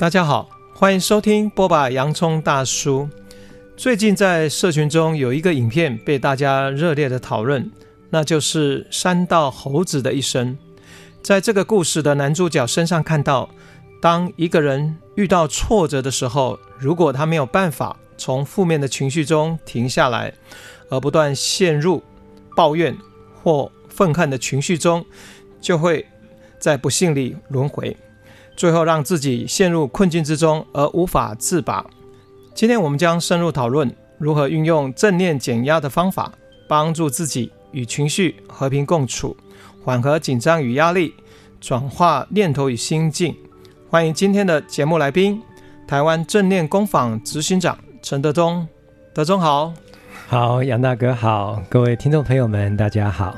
大家好，歡迎收聽剝吧！洋蔥大叔。最近在社群中有一個影片被大家熱烈的討論，那就是《山道猴子的一生》。在這個故事的男主角身上，看到當一個人遇到挫折的時候，如果他沒有辦法從負面的情緒中停下來，而不斷陷入抱怨或憤恨的情緒中，就會在不幸裡輪迴。最後讓自己陷入困境之中而無法自拔。今天我們將深入討論如何運用正念減壓的方法，幫助自己與情緒和平共處，緩和緊張與壓力，轉化念頭與心境。歡迎今天的節目來賓，台灣正念工坊執行長陳德中。德中好。好，楊大哥好，各位聽眾朋友們大家好。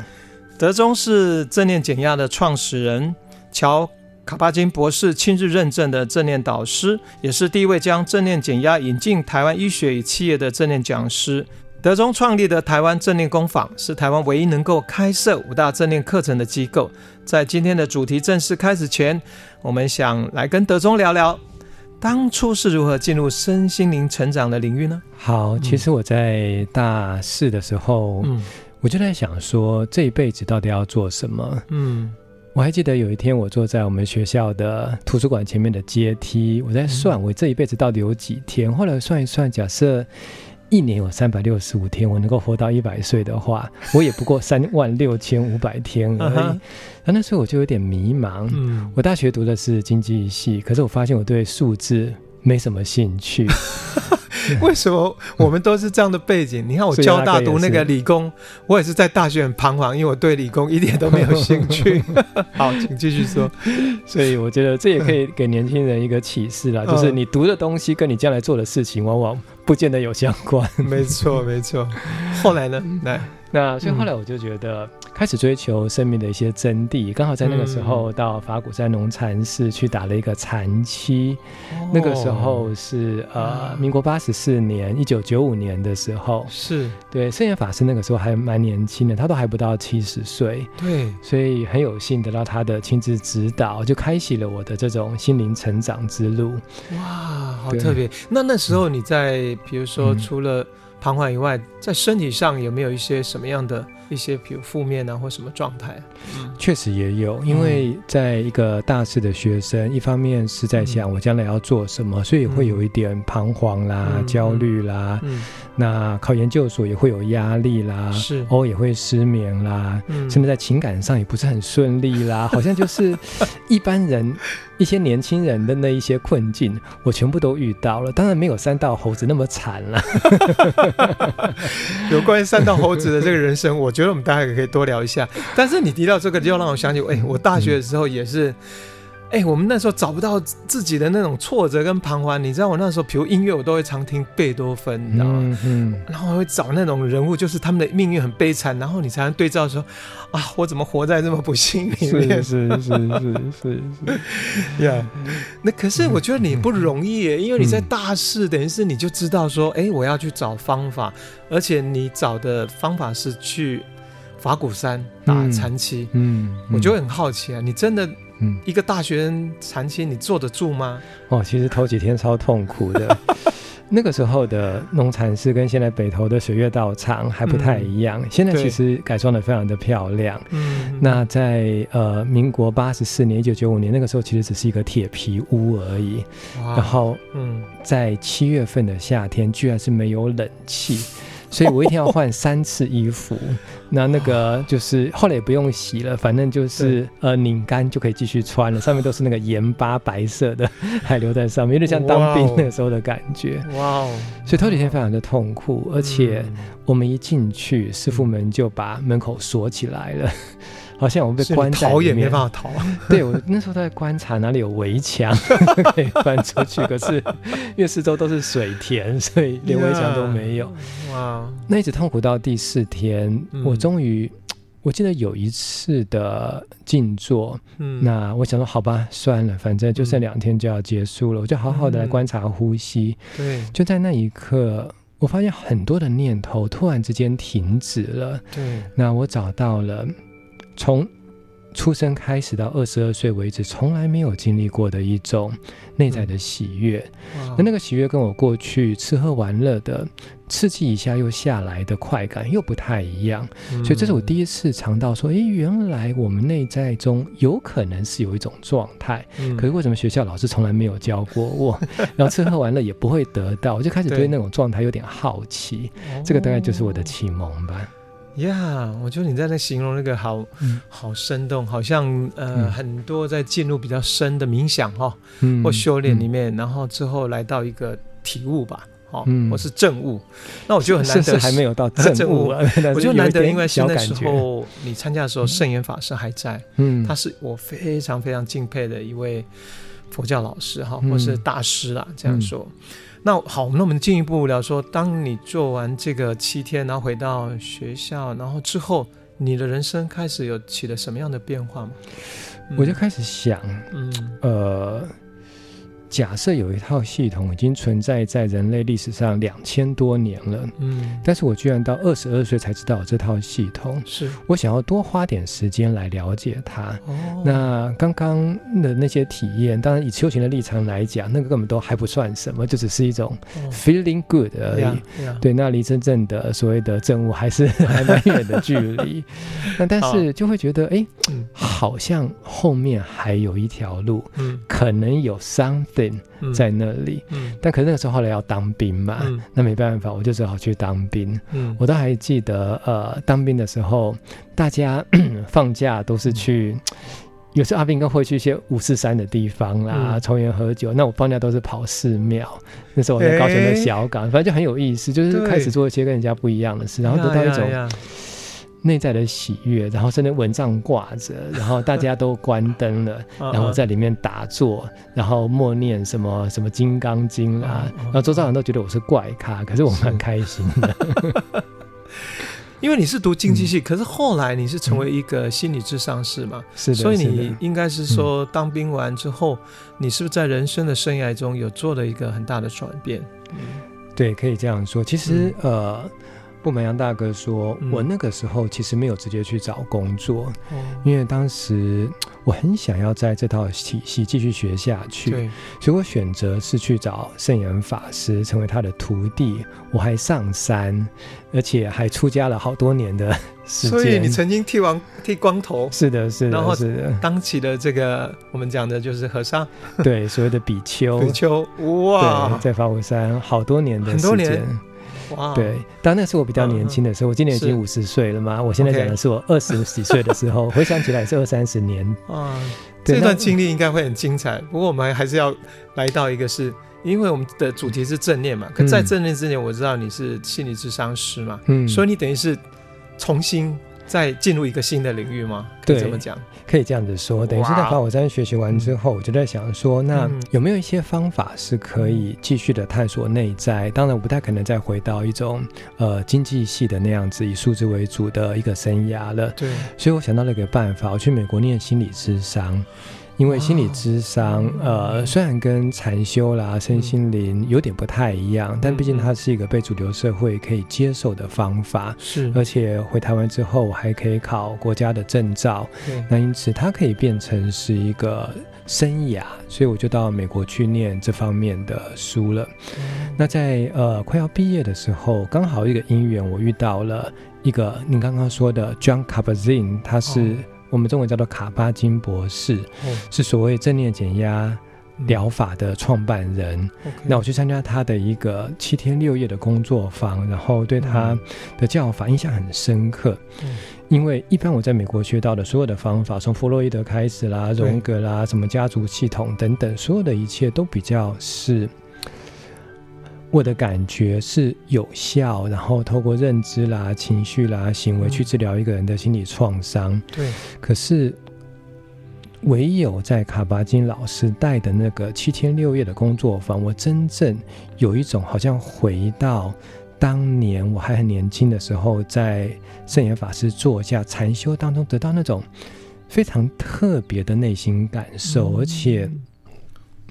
德中是正念減壓的創始人喬。卡巴金博士親自認證的正念導師，也是第一位將正念減壓引進台灣醫學與企業的正念講師。德中創立的台灣正念工坊是台灣唯一能夠開設五大正念課程的機構。在今天的主題正式開始前，我們想來跟德中聊聊，當初是如何進入身心靈成長的領域呢？好，其實我在大四的時候，嗯，我就在想說，這一輩子到底要做什麼？嗯。我還記得有一天，我坐在我們學校的圖書館前面的階梯，我在算我這一輩子到底有幾天。嗯。後來算一算，假設一年有三百六十五天，我能夠活到一百歲的話，我也不過三萬六千五百天而已。然後、 啊、那時候我就有點迷茫。嗯、我大學讀的是經濟系，可是我發現我對數字沒什麼興趣。 為什麼我們都是這樣的背景？你看我交大讀那個理工，我也是在大學很彷徨，因為我對理工一點都沒有興趣。 好，請繼續說。所以我覺得這也可以給年輕人一個啟示啦，嗯，就是你讀的東西跟你將來做的事情往往不見得有相關。沒錯，沒錯。後來呢？來。那所以後來我就覺得開始追求生命的一些真諦，剛、嗯、好在那個時候到法鼓山農禪寺去打了一個禪七。哦。那個時候是呃民國八十四年一九九五年的時候，是對聖嚴法師那個時候還蠻年輕的，他都還不到七十歲，對，所以很有幸得到他的親自指導，就開啟了我的這種心靈成長之路。哇，好特別！那那時候你在比、嗯、如說除了。彷徨以外，在身體上有沒有一些什麼樣的？一些比如負面啊或什麼狀態、啊嗯，確實也有，因為在一個大四的學生、嗯，一方面是在想我將來要做什麼，嗯、所以也會有一點彷徨啦、嗯、焦慮啦、嗯。那考研究所也會有壓力啦，是，哦，也會失眠啦、嗯，甚至在情感上也不是很順利啦，好像就是一般人 一些年輕人的那一些困境， 我全部都遇到了。當然沒有山道猴子那麼慘了。 有關於山道猴子的這個人生， 我就。覺得我們大家也可以多聊一下，但是你提到這個，就讓我想起，哎、欸，我大學的時候也是。嗯哎、欸，我們那時候找不到自己的那種挫折跟彷徨，你知道，我那時候比如音樂，我都會常聽貝多芬，你知道嗎？嗯嗯、然後我會找那種人物，就是他們的命運很悲慘，然後你才能對照說，啊，我怎麼活在這麼不幸裡面？是是是是是，呀，是是是 yeah. 那可是我覺得你不容易，因為你在大事、嗯嗯、等於是你就知道說，哎、欸，我要去找方法，而且你找的方法是去法鼓山打禪七，嗯嗯。嗯，我就很好奇啊，你真的？一個大學生禪七，你坐得住嗎？哦，其實頭幾天超痛苦的。 那個時候的農禪寺跟現在北投的水月道場還不太一樣。嗯、現在其實改裝得非常的漂亮。嗯，那在呃民國八十四年、一九九五年那個時候，其實只是一個鐵皮屋而已。然後，嗯，在七月份的夏天、嗯，居然是沒有冷氣。所以我一天要換三次衣服，那 那個就是後來也不用洗了，反正就是呃擰乾就可以繼續穿了，上面都是那個鹽巴白色的還留在上面，有點像當兵那時候的感覺。哇哦！所以頭幾天非常的痛苦，wow. 而且我們一進去，嗯，師傅們就把門口鎖起來了。好像我們被關在裡面，逃也沒辦法逃。對我那時候都在觀察哪裡有圍牆 可以翻出去，可是因為四周都是水田，所以連圍牆都沒有。哇、yeah. wow.！那一直痛苦到第四天，嗯，我終於，我記得有一次的靜坐，嗯，那我想說，好吧，算了，反正就剩兩天就要結束了，嗯，我就好好的來觀察呼吸，嗯。對，就在那一刻，我發現很多的念頭突然之間停止了。對，那我找到了。從出生開始到二十二歲為止，從來沒有經歷過的一種內在的喜悅，嗯、那那個喜悅跟我過去吃喝玩樂的刺激一下又下來的快感又不太一樣，嗯、所以這是我第一次嘗到說，哎，原來我們內在中有可能是有一種狀態，嗯、可是為什麼學校老師從來沒有教過我？嗯、然後吃喝玩樂也不會得到， 我就開始對那種狀態有點好奇，這個大概就是我的啟蒙吧。哦呀、yeah,，我覺得你在那形容那個好、嗯、好生動，好像呃、嗯、很多在進入比較深的冥想哈、哦嗯，或修煉裡面、嗯，然後之後來到一個體悟吧，哦、嗯，或是證悟、嗯。那我就很難得，甚至還沒有到證悟、啊。我就難得，因為那時候你參加的時候，聖嚴法師還在，嗯，他是我非常非常敬佩的一位佛教老師哈、嗯，或是大師啦，嗯、這樣說。那好，那我們進一步聊說，當你做完這個七天，然後回到學校，然後之後，你的人生開始有起了什麼樣的變化嗎？我就開始想，嗯，呃。假設有一套系統已經存在在人類歷史上兩千多年了，嗯，但是我居然到二十二歲才知道這套系統，是我想要多花點時間來了解它。哦、那剛剛的那些體驗，當然以修行的立場來講，那個根本都還不算什麼，就只是一種 feeling good 而已。哦對，啊對，啊、對，那離真正的所謂的證悟還是還蠻遠的距離。 那但是就會覺得，哎，好像後面還有一條路，嗯，可能有 something 在那裡、嗯嗯，但可是那個時候後來要當兵嘛，嗯、那沒辦法，我就只好去當兵。嗯、我倒還記得，呃，當兵的時候，大家 放假都是去，嗯、有時候阿兵哥會去一些五四三的地方啦、啊，抽煙喝酒。那我放假都是跑寺廟，那時候我在高雄的小港、欸，反正就很有意思，就是開始做一些跟人家不一樣的事，然後得到一種。啊啊啊啊內在的喜悅，然後在那蚊帳掛着，然後大家都關燈了， 然後在裡面打坐，然後默念，什麼什麼《金剛經》啊， 然後周遭人都覺得我是怪咖，可是我蠻開心的。 因為你是讀經濟系，嗯，可是後來你是成為一個心理諮商師嘛。是的，所以你應該是說，嗯，當兵完之後，你是不是在人生的生涯中有做了一個很大的轉變？嗯、對，可以這樣說。其實，嗯、呃。不瞞洋大哥說，我那個時候其實沒有直接去找工作，嗯、因為當時我很想要在這套體系繼續學下去，所以我選擇是去找聖嚴法師成為他的徒弟。我還上山，而且還出家了好多年的時間。所以你曾經剃完剃光頭？是的，是的，是的。然後當起的這個我們講的就是和尚，對，所謂的比丘。比丘，哇，在法鼓山好多年的時間。Wow, 對，當那是我比較年輕的時候，uh, 我今年已經五十歲了嘛。我現在講的是我二十幾歲的時候，okay. 回想起來也是二三十年。Uh, 對，這段經歷應該會很精彩。不過我們還是要來到一個是，是因為我們的主題是正念嘛。可在正念之前，我知道你是心理諮商師嘛，嗯，所以你等於是重新再進入一個新的領域嗎？可以這麼講。可以這樣子說，等於是在法鼓山學習完之後，我就在想說，那有沒有一些方法是可以繼續的探索內在、嗯？當然，我不太可能再回到一種呃經濟系的那樣子以數字為主的一個生涯了。對，所以我想到了一個辦法，我去美國念心理諮商。因為心理諮商、啊，呃，雖然跟禪修啦、嗯、身心靈有點不太一樣、嗯，但畢竟它是一個被主流社會可以接受的方法，是。而且回台灣之後，我還可以考國家的證照，那因此它可以變成是一個生涯，所以我就到美國去念這方面的書了。嗯、那在呃快要畢業的時候，剛好一個因緣，我遇到了一個你剛剛說的 Jon Kabat-Zinn 他是、哦。我們中文叫做卡巴金博士，哦、是所謂正念減壓療法的創辦人、嗯嗯。那我去參加他的一個七天六夜的工作坊，然後對他的教法印象很深刻、嗯。因為一般我在美國學到的所有的方法，從弗洛伊德開始啦、榮格啦、嗯、什麼家族系統等等，所有的一切都比較是。我的感覺是有效，然後透過認知啦、情緒啦、行為去治療一個人的心理創傷。嗯。對，可是唯有在卡巴金老師帶的那個七天六夜的工作坊，我真正有一種好像回到當年我還很年輕的時候，在聖嚴法師座下禪修當中得到那種非常特別的內心感受，嗯。而且。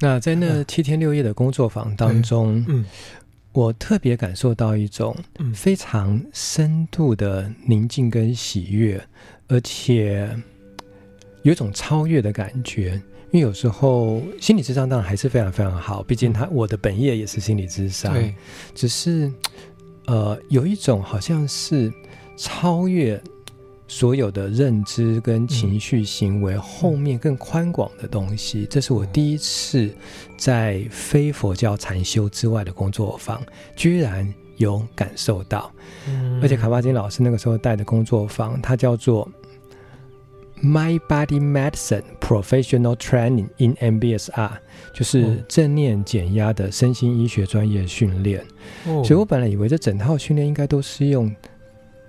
那在那七天六夜的工作坊當中，嗯，我特別感受到一種非常深度的寧靜跟喜悅，而且有一種超越的感覺。因為有時候心理治療當然還是非常非常好，畢竟他我的本業也是心理治療，嗯，對，只是呃有一種好像是超越。所有的認知跟情緒行為後面更寬廣的東西，嗯嗯，這是我第一次在非佛教禪修之外的工作坊居然有感受到、嗯。而且卡巴金老師那個時候帶的工作坊，它叫做 My Body Medicine Professional Training in MBSR，就是正念減壓的身心醫學專業訓練，嗯。所以我本來以為這整套訓練應該都是用。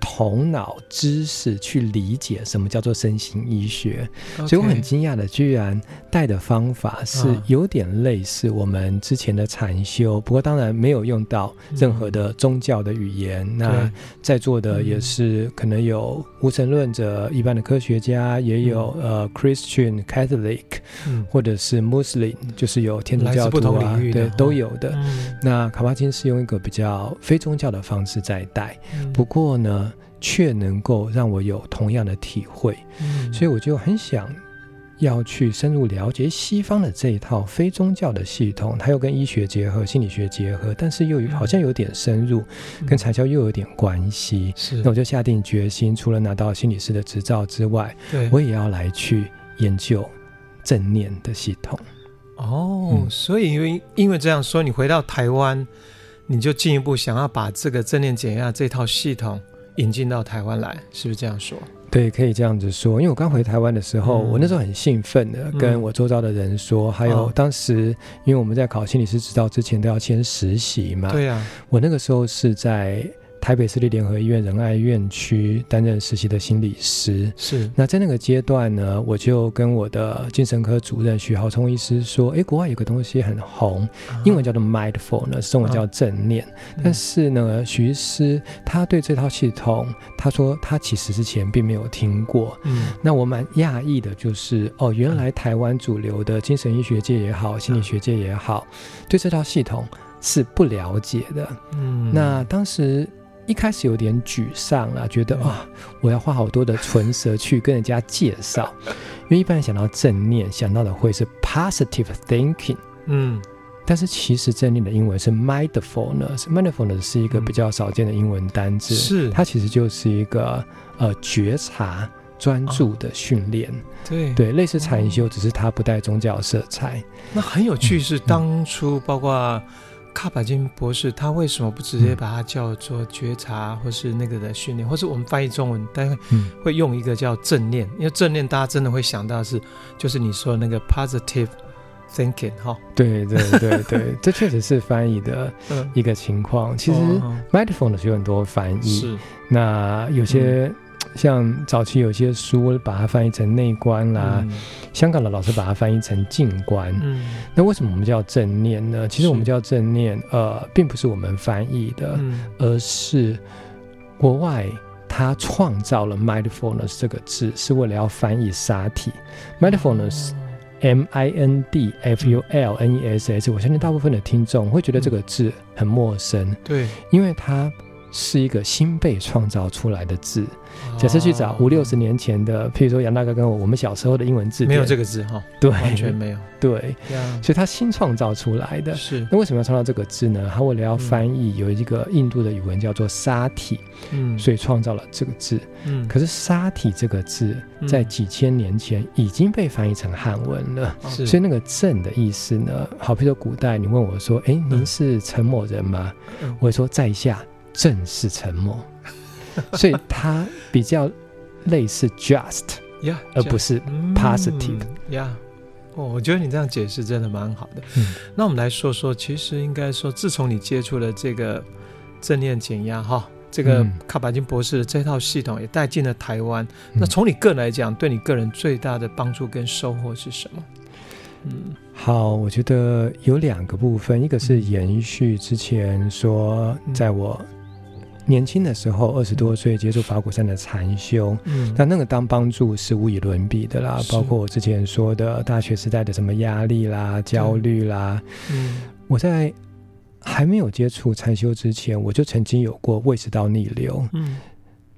頭腦知識去理解什麼叫做身心醫學，所以我很驚訝的，居然帶的方法是有點類似我們之前的禪修、啊，不過當然沒有用到任何的宗教的語言。嗯、那在座的也是可能有無神論者、嗯，一般的科學家，也有、嗯、呃 Christian Catholic、嗯、或者是 Muslim，就是有天主教徒啊，不同領域的對，都有的、嗯。那卡巴金是用一個比較非宗教的方式在帶、嗯，不過呢，卻能夠讓我有同樣的體會、嗯，所以我就很想要去深入了解西方的這一套非宗教的系統，它又跟醫學結合、心理學結合，但是又有、嗯、好像有點深入，嗯、跟財教又有點關係。是、嗯，那我就下定決心，除了拿到心理師的執照之外，我也要來去研究正念的系統。哦，嗯、所以因為因為這樣說，你回到台灣，你就進一步想要把這個正念減壓這套系統。引進到台灣來，是不是這樣說？對，可以這樣子說。因為我剛回台灣的時候，嗯、我那時候很興奮的跟我周遭的人說，嗯、還有當時、哦，因為我們在考心理師執照之前都要先實習嘛。對呀、啊，我那個時候是在。台北市立聯合醫院仁愛醫院區擔任實習的心理師是。那在那個階段呢，我就跟我的精神科主任徐浩聰醫師說：“哎、欸，國外有個東西很紅，啊、英文叫做 mindful 呢，中文叫正念。啊嗯”但是呢，徐醫師他對這套系統，他說他其實之前並沒有聽過。嗯。那我蠻訝異的，就是哦，原來台灣主流的精神醫學界也好，心理學界也好，啊、對這套系統是不了解的。嗯。那當時。一開始有點沮喪啊，覺得啊、哦，我要花好多的唇舌去跟人家介紹。 因為一般人想到正念，想到的會是 positive thinking，嗯，但是其實正念的英文是 mindfulness，mindfulness、嗯、是一個比較少見的英文單字，是它其實就是一個呃覺察專注的訓練、哦，對對，類似禪修、嗯，只是它不帶宗教的色彩。那很有趣是，是、嗯、當初包括，卡巴金博士他為什麼不直接把它叫做覺察，或是那個的訓練、嗯，或是我們翻譯中文，大概會用一個叫正念，因為正念大家真的會想到是，就是你說的那個 positive thinking 哈、huh?。對對對對， 這確實是翻譯的一個情況、嗯。其實 mindfulness 的是有很多翻譯，是那有些、嗯。像早期有些書把它翻譯成內觀啦、啊嗯，香港的老師把它翻譯成靜觀。嗯，那為什麼我們叫正念呢？其實我們叫正念，呃，並不是我們翻譯的、嗯，而是國外他創造了 mindfulness 這個字，是為了要翻譯沙體。mindfulness，M-I-N-D-F-U-L-N-E-S-S、嗯。-E、-S -S -S, 我相信大部分的聽眾會覺得這個字很陌生，嗯、對，因為它。是一個新被創造出來的字。哦、假設去找五六十年前的，嗯、譬如說楊大哥跟我我們小時候的英文字，沒有這個字哈，對，完全沒有。對，yeah. 所以他新創造出來的。是、yeah.，那為什麼要創造這個字呢？他為了要翻譯有一個印度的語文叫做沙體，嗯，所以創造了這個字。嗯，可是沙體這個字在幾千年前已經被翻譯成漢文了、嗯。所以那個“正”的意思呢？好，比如說古代你問我說：“哎、嗯欸，您是陳某人嗎？”嗯、我會說：“在下。”正是沉默， 所以他比較類似 just, yeah, just 而不是 positive。呀、嗯。Yeah. Oh, 我覺得你這樣解釋真的蠻好的。嗯、那我們來說說，其實應該說，自從你接觸了這個正念減壓哈，這個卡巴金博士的這套系統也帶進了台灣、嗯。那從你個人來講，對你個人最大的幫助跟收穫是什麼？嗯，好，我覺得有兩個部分，一個是延續之前說在我。年輕的時候，二十多歲接觸法鼓山的禪修、嗯，但那個當幫助是無與倫比的啦。包括我之前說的大學時代的什麼壓力啦、焦慮啦、嗯，我在還沒有接觸禪修之前，我就曾經有過胃食道逆流、嗯、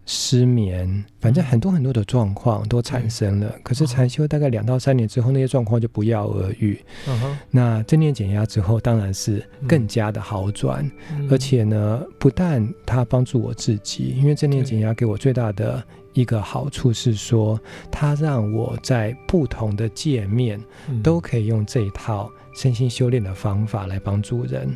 失眠。反正很多很多的狀況都產生了，嗯、可是禪修大概兩到三年之後，嗯、那些狀況就不藥而癒、嗯。那正念減壓之後，當然是更加的好轉、嗯，而且呢，不但它幫助我自己，因為正念減壓給我最大的一個好處是說，它讓我在不同的界面都可以用這一套身心修煉的方法來幫助人。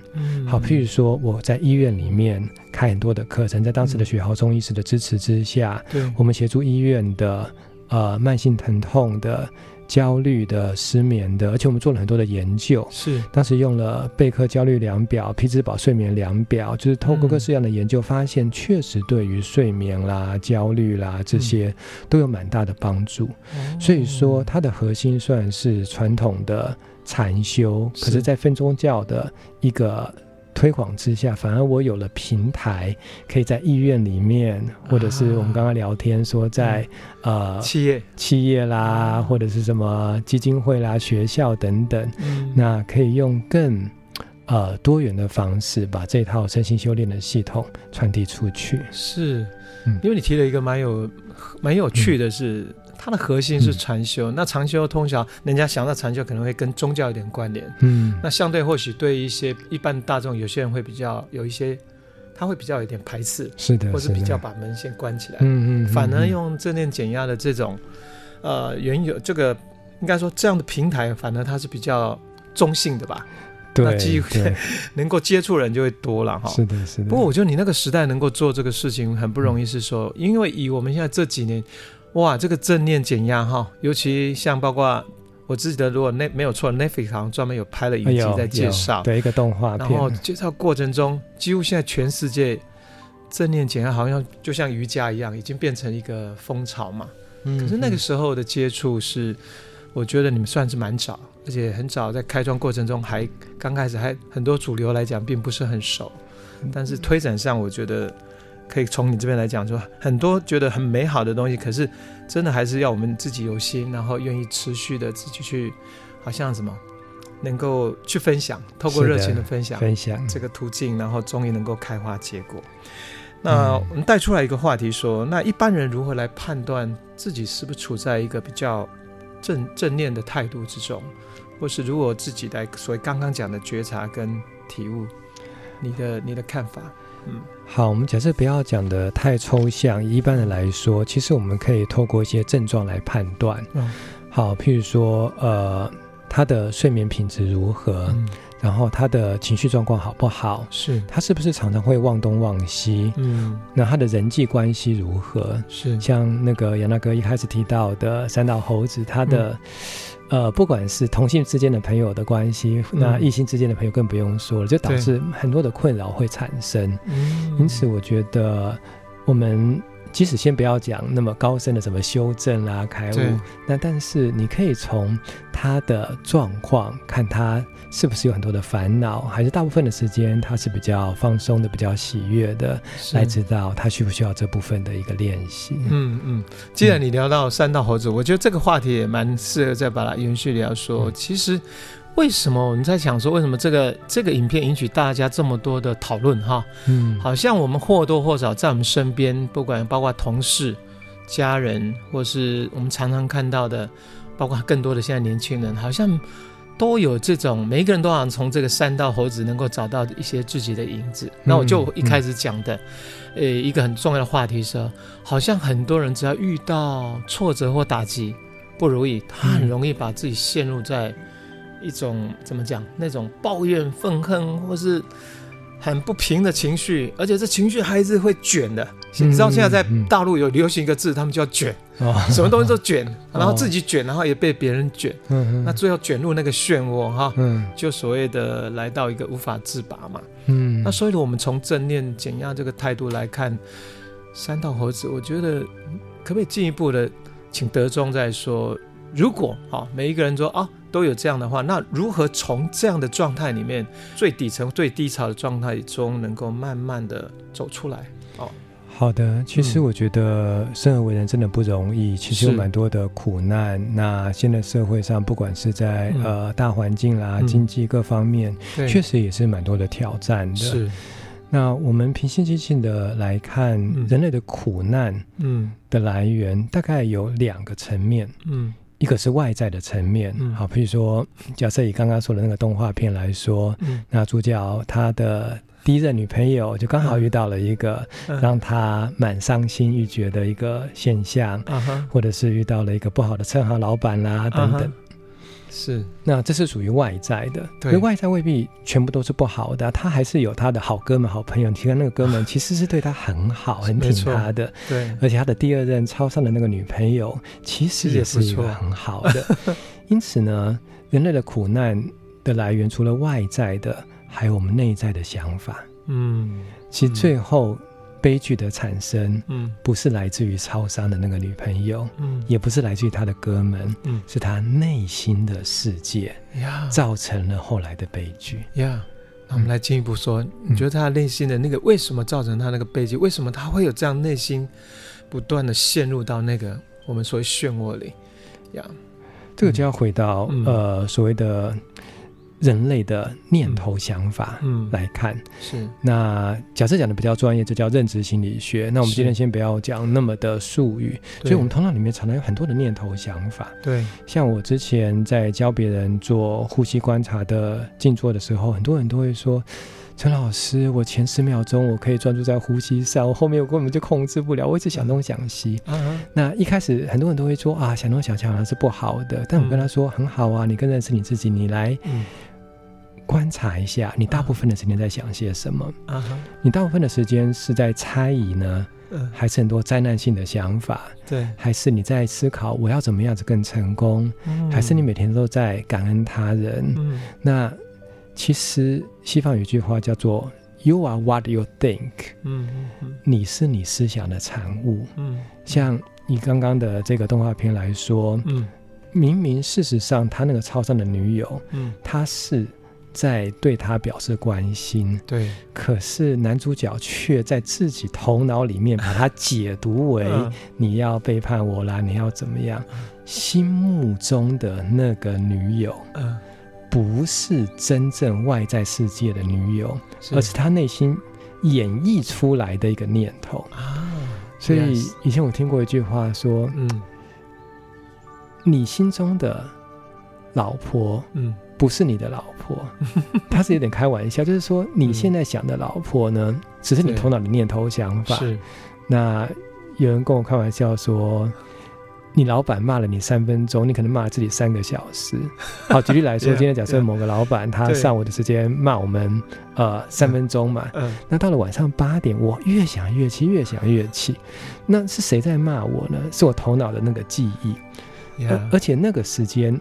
好，譬如說我在醫院裡面開很多的課程，在當時的許豪忠醫師的支持之下，對、嗯，我們。協助醫院的呃慢性疼痛的焦慮的失眠的，而且我們做了很多的研究，是當時用了貝克焦慮量表、匹茲堡睡眠量表，就是透過各式樣的研究、嗯、發現，確實對於睡眠啦、焦慮啦這些、嗯、都有蠻大的幫助。嗯、所以說，它的核心算是傳統的禪修，是可是，在分宗教的一個。推廣之下，反而我有了平台，可以在醫院裡面，或者是我們剛剛聊天、啊、說在、嗯、呃企業企業啦，或者是什麼基金會啦、學校等等，嗯、那可以用更呃多元的方式，把這套身心修煉的系統傳遞出去。是、嗯，因為你提了一個蠻有蠻有趣的是。嗯它的核心是禪修，嗯、那禪修通常人家想到禪修可能會跟宗教有點關聯，嗯，那相對或許對一些一般大眾，有些人會比較有一些，他會比較有點排斥，是的，或者比較把門先關起來，嗯嗯，反而用正念減壓的這種，嗯嗯、呃，原有這個應該說這樣的平台，反而它是比較中性的吧，對，那機會能夠接觸人就會多了哈，是的，是的。不過我覺得你那個時代能夠做這個事情很不容易，是說、嗯，因為以我們現在這幾年。哇，這個正念減壓哈，尤其像包括我自己的，如果那沒有錯 n e f f i 好像專門有拍了一集在介紹的、哎、一個動畫片。然後介紹過程中，幾乎現在全世界正念減壓好像就像瑜伽一樣，已經變成一個風潮嘛。嗯。可是那個時候的接觸是，我覺得你們算是蠻早，而且很早在開創過程中還剛開始還，還很多主流來講並不是很熟，但是推展上我覺得。可以從你這邊來講說，說很多覺得很美好的東西，可是真的還是要我們自己有心，然後願意持續的自己去，好像什麼能夠去分享，透過熱情的分享，分享這個途徑，然後終於能夠開花結果。嗯、那我們帶出來一個話題說，說那一般人如何來判斷自己是不是處在一個比較正正念的態度之中，或是如果自己來所謂剛剛講的覺察跟體悟，你的你的看法？嗯。好，我們假設不要講得太抽象，一般的來說，其實我們可以透過一些症狀來判斷。嗯，好，譬如說，呃，他的睡眠品質如何？嗯？然後他的情緒狀況好不好？是，他是不是常常會忘東忘西？嗯，那他的人際關係如何？是，像那個楊大哥一開始提到的山道猴子，他的。嗯呃，不管是同性之間的朋友的關係，嗯，那異性之間的朋友更不用說了，就導致很多的困擾會產生。因此，我覺得我們。即使先不要講那麼高深的什麼修正啦、啊、開悟，那但是你可以從他的狀況看他是不是有很多的煩惱，還是大部分的時間他是比較放鬆的、比較喜悅的，來知道他需不需要這部分的一個練習。嗯嗯，既然你聊到山道猴子，嗯、我覺得這個話題也蠻適合再把它延續聊說，嗯、其實。為什麼我們在想說，為什麼這個這個影片，引起大家這麼多的討論？哈，嗯，好像我們或多或少在我們身邊，不管包括同事、家人，或是我們常常看到的，包括更多的現在年輕人，好像都有這種，每一個人都想從這個山道猴子能夠找到一些自己的影子。嗯、那我就一開始講的、嗯，呃，一個很重要的話題是，好像很多人只要遇到挫折或打擊、不如意，他很容易把自己陷入在。一種怎麼講？那種抱怨、憤恨，或是很不平的情緒，而且這情緒還是會捲的。你、嗯、知道現在在大陸有流行一個字，嗯、他們叫捲、哦，什麼東西都捲、哦，然後自己捲，然後也被別人捲、嗯嗯。那最後捲入那個漩渦，哈，嗯、就所謂的來到一個無法自拔嘛。嗯。那所以呢，我們從正念減壓這個態度來看，山道猴子，我覺得可不可以進一步的，請德中再來說。如果哈、哦，每一個人說啊、哦，都有這樣的話，那如何從這樣的狀態裡面，最底層、最低潮的狀態中，能夠慢慢的走出來？哦，好的，其實我覺得生而為人真的不容易、嗯，其實有蠻多的苦難。那現在社會上，不管是在、嗯、呃大環境啦、嗯、經濟各方面、嗯，確實也是蠻多的挑戰的。是，那我們平心靜氣的來看、嗯，人類的苦難的，嗯，的來源大概有兩個層面，嗯。一個是外在的層面，好，譬如說，假設以剛剛說的那個動畫片來說，嗯、那主角他的第一任女朋友就剛好遇到了一個讓他蠻傷心欲絕的一個現象、嗯，或者是遇到了一個不好的車行老板啊、嗯、等等。是，那這是屬於外在的，對，因為外在未必全部都是不好的啊，他還是有他的好哥們、好朋友。其他那個哥們其實是對他很好、 很挺他的，對。而且他的第二任超上的那個女朋友，其實也是一個很好的。 因此呢，人類的苦難的來源除了外在的，還有我們內在的想法。嗯，其實最後。嗯悲劇的產生，嗯，不是來自於超商，的那個女朋友，嗯，也不是來自於他的哥們，嗯，嗯嗯，是他內心的世界，造成了後來的悲劇，呀。那我們來進一步說、嗯，你覺得他內心的那個為什麼造成他那個悲劇、嗯？為什麼他會有這樣內心不斷的陷入到那個我們所謂漩渦裡？呀、Yeah. 嗯，這個就要回到、嗯、呃所謂的。人類的念頭想法，嗯，來、嗯、看是那假設講得比較專業，這叫認知心理學。那我們今天先不要講那麼的術語，所以我們頭腦裡面常常有很多的念頭想法。對，像我之前在教別人做呼吸觀察的靜坐的時候，很多人都會說：“陳 老師，我前十秒鐘我可以專注在呼吸上，我後面我根本就控制不了，我一直想東想西。嗯嗯”那一開始很多人都會說：“啊，想東想西好像是不好的。”但我跟他說、嗯：“很好啊，你更認識你自己，你來、嗯。”觀察一下，你大部分的時間在想些什麼？啊、uh -huh. 你大部分的時間是在猜疑呢？Uh -huh. 還是很多災難性的想法？對，還是你在思考我要怎麼樣子更成功？Mm -hmm. 還是你每天都在感恩他人？Mm -hmm. 那其實西方有一句話叫做 “You are what you think”、mm -hmm. 你是你思想的產物。Mm -hmm. 像你剛剛的這個動畫片來說，mm -hmm. 明明事實上他那個超商的女友，mm -hmm. 他是。在對他表示關心，對，可是男主角卻在自己頭腦裡面把它解讀為你要背叛我啦、啊，你要怎麼樣？心目中的那個女友，不是真正外在世界的女友，啊、而是他內心演繹出來的一個念頭啊。所以以前我聽過一句話說，嗯，你心中的老婆，嗯。不是你的老婆， 他是有點開玩笑，就是說你現在想的老婆呢，嗯、只是你頭腦的念頭想法、哦。是。那有人跟我開玩笑說，你老板罵了你三分鐘，你可能罵了自己三個小時。 好，舉例來說， yeah, 今天假設某個老板他上午的時間罵我們呃三分鐘嘛、嗯嗯，那到了晚上八點，我越想越氣，越想越氣。那是誰在罵我呢？是我頭腦的那個記憶。Yeah. 而而且那個時間。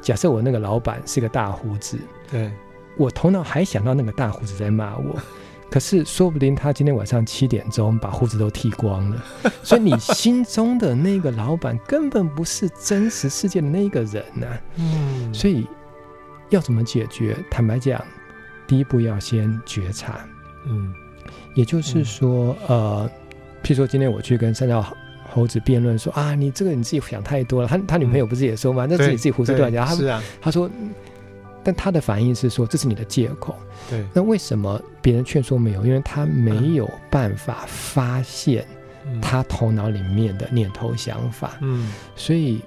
假設我那個老闆是個大鬍子，對，我頭腦還想到那個大鬍子在罵我， 可是說不定他今天晚上七點鐘把鬍子都剃光了， 所以你心中的那個老闆根本不是真實世界的那一個人吶、啊。嗯，所以要怎麼解決？坦白講，第一步要先覺察。嗯，也就是說，嗯、呃，譬如說今天我去跟三教猴子辯論說啊，你這個你自己想太多了。他他女朋友不是也說嘛、嗯，那自己自己胡思對亂講他。是啊，他說，但他的反應是說，這是你的借口。對，那為什麼別人勸說沒有？因為他沒有辦法發現他頭腦裡面的念頭想法。嗯，所以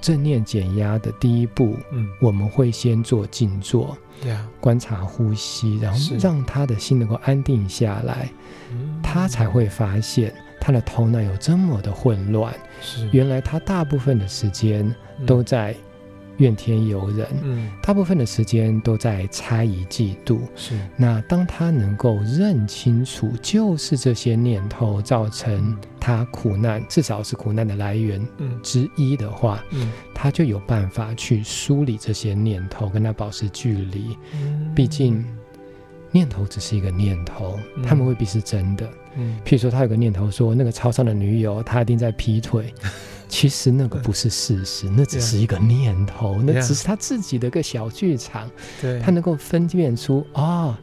正念減壓的第一步，嗯，我們會先做靜坐，對、嗯、啊，觀察呼吸，然後讓他的心能夠安定下來，嗯、他才會發現。他的頭腦有這麼的混亂，是，原來他大部分的時間都在怨天尤人。嗯，嗯，大部分的時間都在猜疑嫉妒，是。那當他能夠認清楚，就是這些念頭造成他苦難，嗯，至少是苦難的來源之一的話，嗯嗯，他就有辦法去梳理這些念頭，跟他保持距離，嗯，畢竟念頭只是一個念頭，嗯，他們未必是真的。嗯、譬如說，他有個念頭說，說那個超商的女友，她一定在劈腿。其實那個不是事實， 那只是一個念頭，yeah. 那只是他自己的一個小劇場。對、yeah，他能夠分辨出，哦，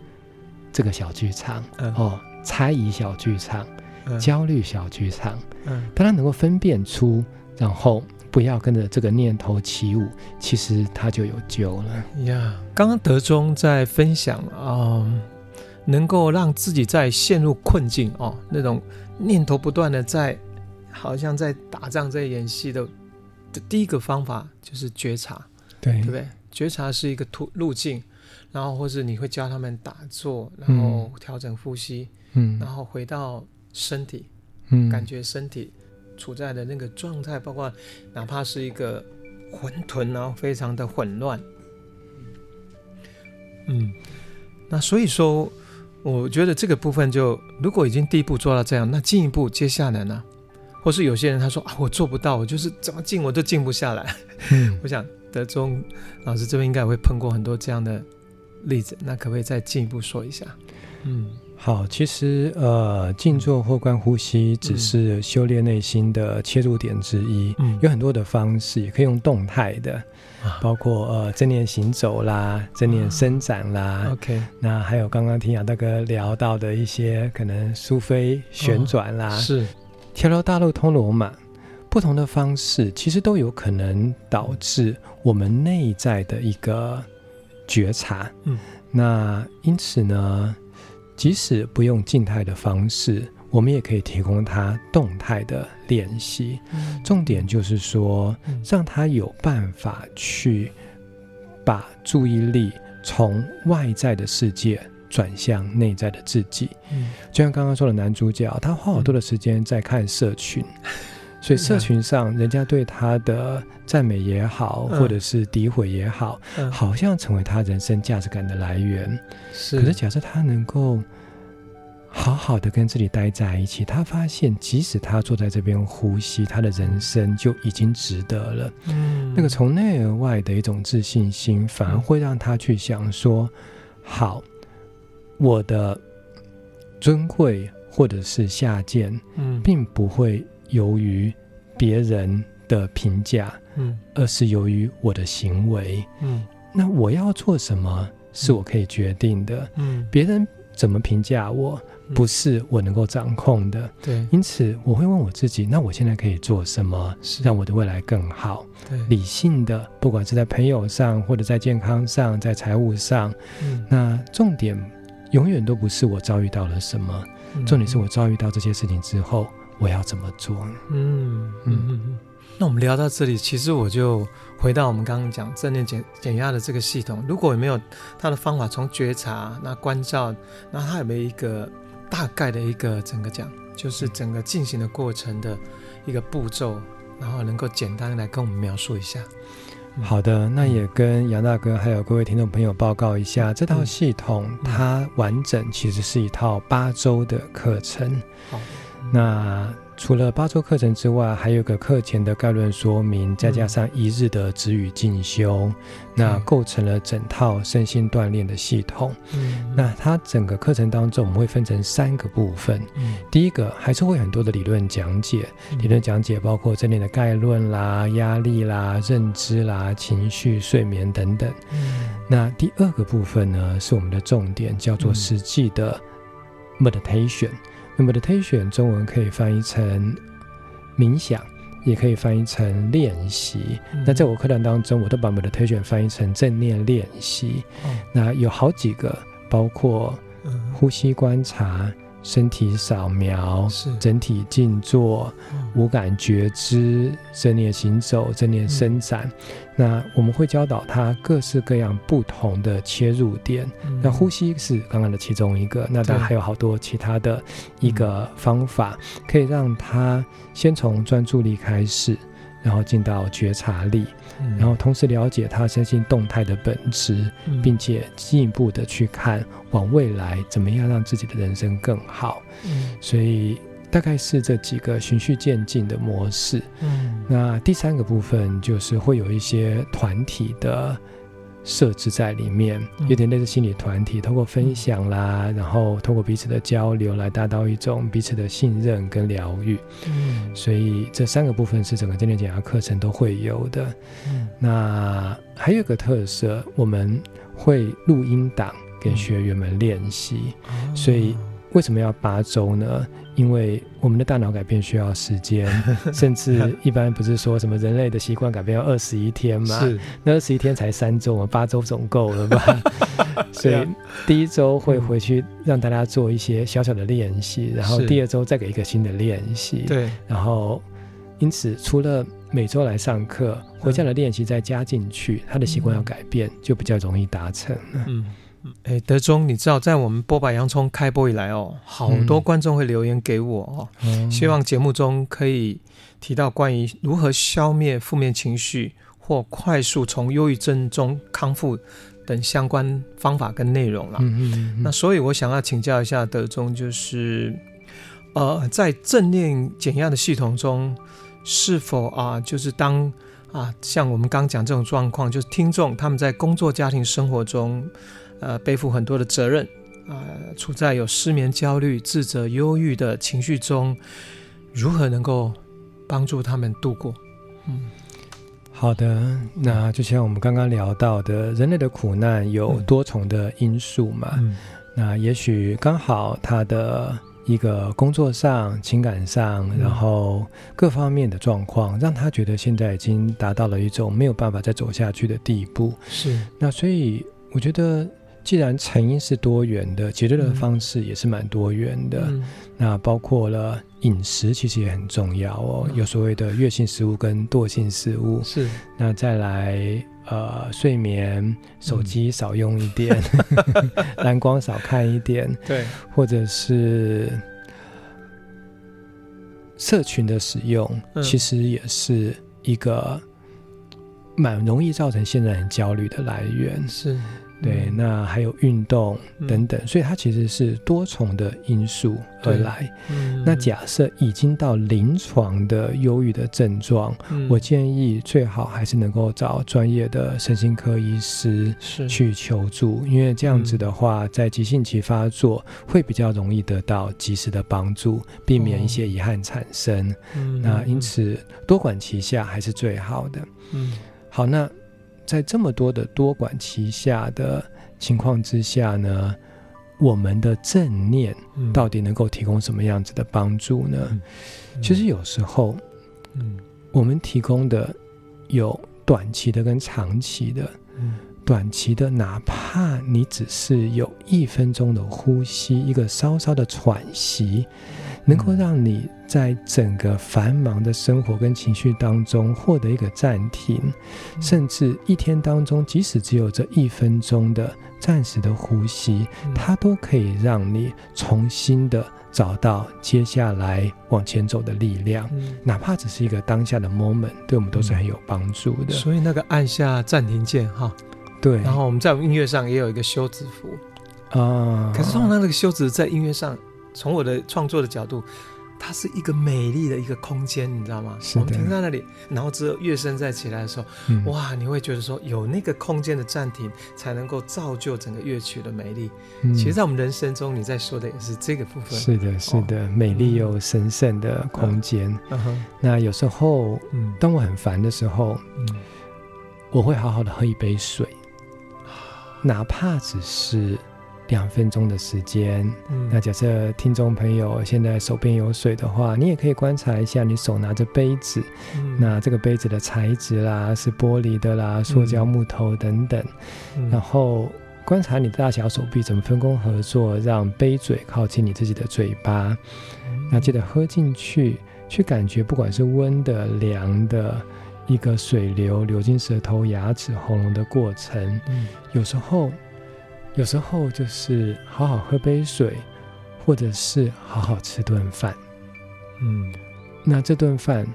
這個小劇場、嗯，哦，猜疑小劇場，嗯、焦慮小劇場。嗯，但他能夠分辨出，然後不要跟着這個念頭起舞，其實他就有救了。呀，剛剛德中在分享，哦能夠讓自己在陷入困境哦，那種念頭不斷的在，好像在打仗在演戲的，的第一個方法就是覺察，對對不對？覺察是一個途路徑，然後或是你會教他們打坐，然後調整呼吸，嗯，然後回到身體，嗯，感覺身體處在的那個狀態，包括哪怕是一個混沌，然後非常的混亂，嗯，那所以說。我覺得這個部分就，如果已經第一步做到這樣，那進一步接下來呢？或是有些人他說啊，我做不到，我就是怎麼靜我都靜不下來。嗯、我想德中老師這邊應該也會碰過很多這樣的例子，那可不可以再進一步說一下？嗯。好，其實呃，靜坐或觀呼吸只是修煉內心的切入點之一，嗯，有很多的方式也可以用動態的，啊，包括呃，正念行走啦，正念伸展啦、啊，OK，那還有剛剛聽雅大哥聊到的一些可能蘇菲旋轉啦，哦，是，條條大路通羅馬，不同的方式其實都有可能導致我們內在的一個覺察，嗯，那因此呢。即使不用靜態的方式，我們也可以提供他動態的練習。重點就是說，讓他有辦法去把注意力從外在的世界轉向內在的自己。就像剛剛說的男主角，他花好多的時間在看社群。所以，社群上人家對他的讚美也好，嗯、或者是詆毀也好、嗯，好像成為他人生價值感的來源。是，可是假設他能夠好好的跟自己待在一起，他發現，即使他坐在這邊呼吸，他的人生就已經值得了。嗯，那個從內而外的一種自信心，反而會讓他去想說：好，我的尊貴或者是下賤，並不會。由於別人的評價，嗯，而是由於我的行為，嗯，那我要做什麼是我可以決定的，嗯，別人怎麼評價我、嗯、不是我能夠掌控的，對，因此我會問我自己，那我現在可以做什麼是讓我的未來更好？對，理性的，不管是在朋友上，或者在健康上，在財務上，嗯，那重點永遠都不是我遭遇到了什麼，嗯、重點是我遭遇到這些事情之後。我要怎麼做？嗯嗯嗯。那我們聊到這裡，其實我就回到我們剛剛講正念減減壓的這個系統。如果有沒有它的方法，從覺察那觀照，那它有沒有一個大概的一個整個講，就是整個進行的過程的一個步驟，嗯、然後能夠簡單來跟我們描述一下、嗯？好的，那也跟楊大哥還有各位聽眾朋友報告一下，嗯、這套系統它完整其實是一套八週的課程。好。那除了八週課程之外，還有一個課前的概論說明，再加上一日的止語進修，那構成了整套身心鍛鍊的系統、嗯。那它整個課程當中，我們會分成三個部分。嗯、第一個還是會很多的理論講解，理論講解包括正念的概論啦、壓力啦、認知啦、情緒、睡眠等等、嗯。那第二個部分呢，是我們的重點，叫做實際的 meditation。嗯那麼的 meditation 中文可以翻譯成冥想，也可以翻譯成練習。嗯、那在我課堂當中，我都把我們的 meditation 翻譯成正念練習、嗯。那有好幾個，包括呼吸觀察。嗯身體掃描，是整體靜坐、嗯，五感覺知，正念行走，正念伸展、嗯。那我們會教導他各式各樣不同的切入點。嗯、那呼吸是剛剛的其中一個，嗯、那當然還有好多其他的一個方法、嗯，可以讓他先從專注力開始。然後進到覺察力、嗯，然後同時了解他身心動態的本質、嗯，並且進一步的去看往未來怎麼樣讓自己的人生更好。嗯、所以大概是這幾個循序漸進的模式。嗯、那第三個部分就是會有一些團體的。設置在裡面，有點類似心理團體，嗯、通過分享啦，然後通過彼此的交流來達到一種彼此的信任跟療癒。嗯，所以這三個部分是整個正念減壓課程都會有的。嗯、那還有一個特色，我們會錄音檔給學員們練習、嗯。所以為什麼要八週呢？因為我們的大腦改變需要時間，甚至一般不是說什麼人類的習慣改變要二十一天嗎？ 那二十一天才三週，我們八週總夠了吧？ 所以第一週會回去讓大家做一些小小的練習，然後第二週再給一個新的練習。對。然後，因此除了每週來上課，回家的練習再加進去，他的習慣要改變就比較容易達成了。嗯。哎，德中，你知道，在我們剝吧洋蔥開播以來哦，好多觀眾會留言給我哦、嗯，希望節目中可以提到關於如何消滅負面情緒或快速從憂鬱症中康復等相關方法跟內容了。嗯嗯，嗯那所以，我想要請教一下德中，就是，呃，在正念減壓的系統中，是否啊，就是當啊，像我們剛講這種狀況，就是聽眾他們在工作、家庭生活中，呃，背負很多的責任啊，呃，處在有失眠、焦慮、自責、憂鬱的情緒中，如何能夠幫助他們度過？嗯，好的。那就像我們剛剛聊到的，嗯，人類的苦難有多重的因素嘛。嗯，那也許剛好他的一個工作上、情感上，嗯，然後各方面的狀況，讓他覺得現在已經達到了一種沒有辦法再走下去的地步。是。那所以我覺得。既然成因是多元的，解決的方式也是蠻多元的。嗯、那包括了飲食，其實也很重要哦。嗯、有所謂的悅性食物跟惰性食物、嗯。是。那再來，呃，睡眠，手機少用一點，嗯、 藍光少看一點。 對。或者是社群的使用、嗯，其實也是一個蠻容易造成現在很焦慮的來源。是。對，那還有運動等等、嗯，所以它其實是多重的因素而來。對。嗯，那假設已經到臨床的憂鬱的症狀，嗯、我建議最好還是能夠找專業的身心科醫師去求助，因為這樣子的話，嗯、在急性期發作會比較容易得到及時的幫助，避免一些遺憾產生。嗯、那因此多管齊下還是最好的。嗯，好，那，在這麼多的多管齊下的情況之下呢，我們的正念到底能夠提供什麼樣子的幫助呢？嗯嗯、其實有時候，嗯，我們提供的有短期的跟長期的，嗯、短期的，哪怕你只是有一分鐘的呼吸，一個稍稍的喘息，能夠讓你在整個繁忙的生活跟情緒當中獲得一個暫停，嗯、甚至一天當中，即使只有這一分鐘的暫時的呼吸、嗯，它都可以讓你重新的找到接下來往前走的力量、嗯。哪怕只是一個當下的 moment，對我們都是很有幫助的。所以那個按下暫停鍵，哈，對。然後我們在音樂上也有一個休止符啊、嗯，可是通常那個休止在音樂上。從我的創作的角度，它是一個美麗的一個空間，你知道嗎？是。我們停在那裡，然後只有樂聲再起來的時候、嗯，哇，你會覺得說有那個空間的暫停，才能夠造就整個樂曲的美麗、嗯。其實，在我們人生中，你在說的也是這個部分。是的，是的，哦、美麗又神聖的空間、嗯嗯。那有時候，當我很煩的時候、嗯，我會好好的喝一杯水，哪怕只是。兩分鐘的時間、嗯，那假設聽眾朋友現在手邊有水的話，你也可以觀察一下你手拿着杯子，那、嗯、這個杯子的材質啦，是玻璃的啦，塑膠、木頭等等、嗯，然後觀察你的大小手臂怎麼分工合作，讓杯嘴靠近你自己的嘴巴，嗯、那記得喝進去，去感覺不管是溫的、涼的，一個水流流進舌頭、牙齒、喉嚨的過程，嗯、有時候。有時候就是好好喝杯水，或者是好好吃頓飯，嗯，那這頓飯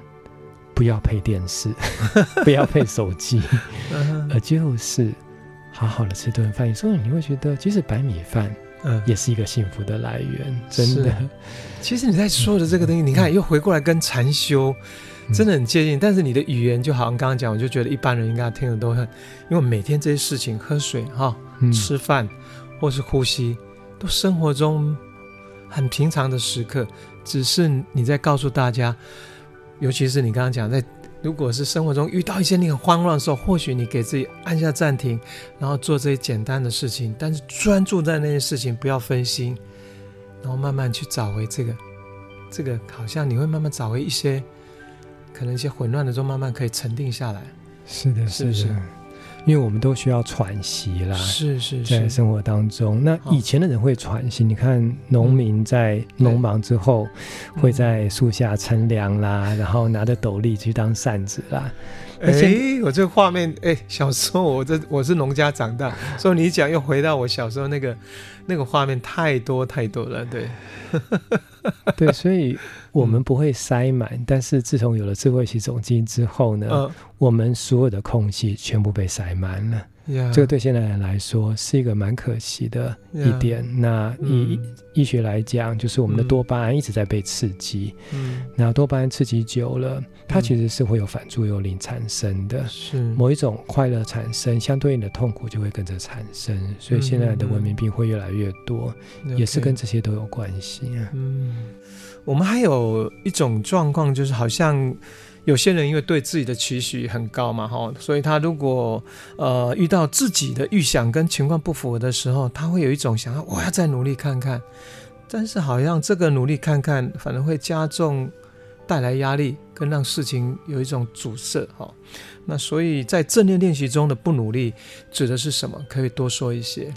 不要配電視， 不要配手機，呃、 嗯，而就是好好的吃頓飯。有時候你會覺得，即使白米飯。嗯，也是一個幸福的來源，真的。其實你在說的這個東西，嗯、你看又回過來跟禪修真的很接近、嗯，但是你的語言就好像剛剛講，我就覺得一般人應該聽得都很，因為每天這些事情，喝水哈，吃飯或是呼吸，都生活中很平常的時刻，只是你在告訴大家，尤其是你剛剛講在。如果是生活中遇到一些你很慌亂的時候，或許你給自己按下暫停，然後做這些簡單的事情，但是專注在那些事情，不要分心，然後慢慢去找回這個，這個好像你會慢慢找回一些，可能一些混亂的時候慢慢可以沉澱下來。是的，是的。是不是？因為我們都需要喘息啦，是是是，在生活當中，是是，那以前的人會喘息。你看，農民在農忙之後，嗯、會在樹下乘涼啦、嗯，然後拿着斗笠去當扇子啦。而且，哎、欸，我這畫面，哎、欸，小時候我這我是農家長大， 所以你講又回到我小時候那個那個畫面，太多太多了，對， 對，所以。我們不會塞滿、嗯，但是自從有了智慧型手機之後呢、嗯，我們所有的空隙全部被塞滿了。Yeah. 這個對現代人來說是一個蠻可惜的一點。Yeah. 那以醫學來講、嗯，就是我們的多巴胺一直在被刺激。嗯，那多巴胺刺激久了，嗯、它其實是會有反作用力產生的，是某一種快樂產生，相對應的痛苦就會跟着產生。所以現在的文明病會越來越多，嗯嗯嗯也是跟這些都有關係啊。Okay. 嗯，我們還有一種狀況，就是好像。有些人因為對自己的期許很高嘛，哈，所以他如果呃遇到自己的預想跟情況不符合的時候，他會有一種想要我要再努力看看，但是好像這個努力看看，反而會加重帶來壓力，跟讓事情有一種阻塞，哈。那所以在正念練習中的不努力指的是什麼？可以多說一些。